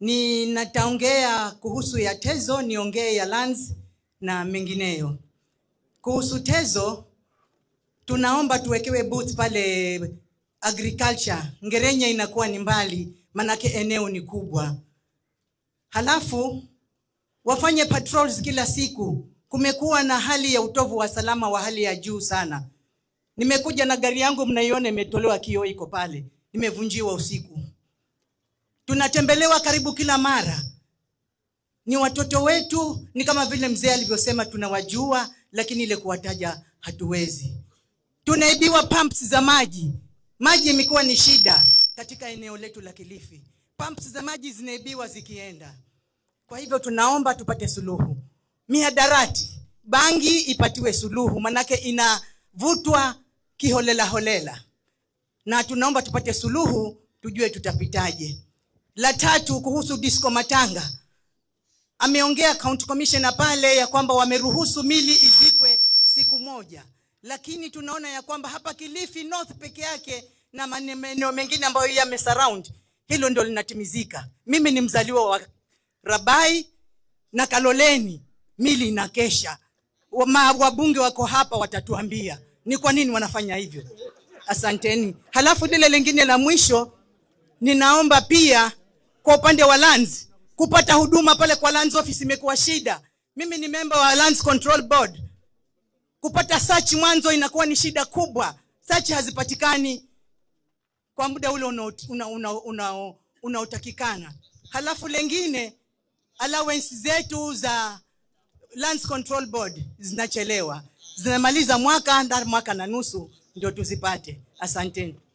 ni nataongea kuhusu ya Tezo, niongee ya lands na mengineyo. Kuhusu Tezo, tunaomba tuwekewe booth pale agriculture. Ngerenya inakuwa ni mbali, manake eneo ni kubwa. Halafu wafanye patrols kila siku. Kumekuwa na hali ya utovu wa salama wa hali ya juu sana. Nimekuja na gari yangu, mnaiona imetolewa kioo, iko pale, nimevunjiwa usiku tunatembelewa karibu kila mara. Ni watoto wetu, ni kama vile mzee alivyosema, tunawajua lakini ile kuwataja hatuwezi. Tunaibiwa pumps za maji, maji imekuwa ni shida katika eneo letu la Kilifi, pumps za maji zinaibiwa zikienda. Kwa hivyo tunaomba tupate suluhu, mihadarati, bangi ipatiwe suluhu, manake inavutwa kiholela holela, na tunaomba tupate suluhu, tujue tutapitaje la tatu kuhusu disco matanga. Ameongea county commissioner pale ya kwamba wameruhusu mili izikwe siku moja, lakini tunaona ya kwamba hapa Kilifi North peke yake na maeneo mengine ambayo yame surround hilo ndio linatimizika. Mimi ni mzaliwa wa Rabai na Kaloleni, mili inakesha. Wabunge wako hapa watatuambia ni kwa nini wanafanya hivyo. Asanteni. Halafu lile lingine la mwisho ninaomba pia kwa upande wa lands, kupata huduma pale kwa lands office imekuwa shida. Mimi ni memba wa Lands Control Board. Kupata search mwanzo inakuwa ni shida kubwa, search hazipatikani kwa muda ule unaotakikana una, una, una, una. Halafu lengine allowance zetu za Lands Control Board zinachelewa, zinamaliza mwaka, mwaka na nusu ndio tuzipate. Asanteni.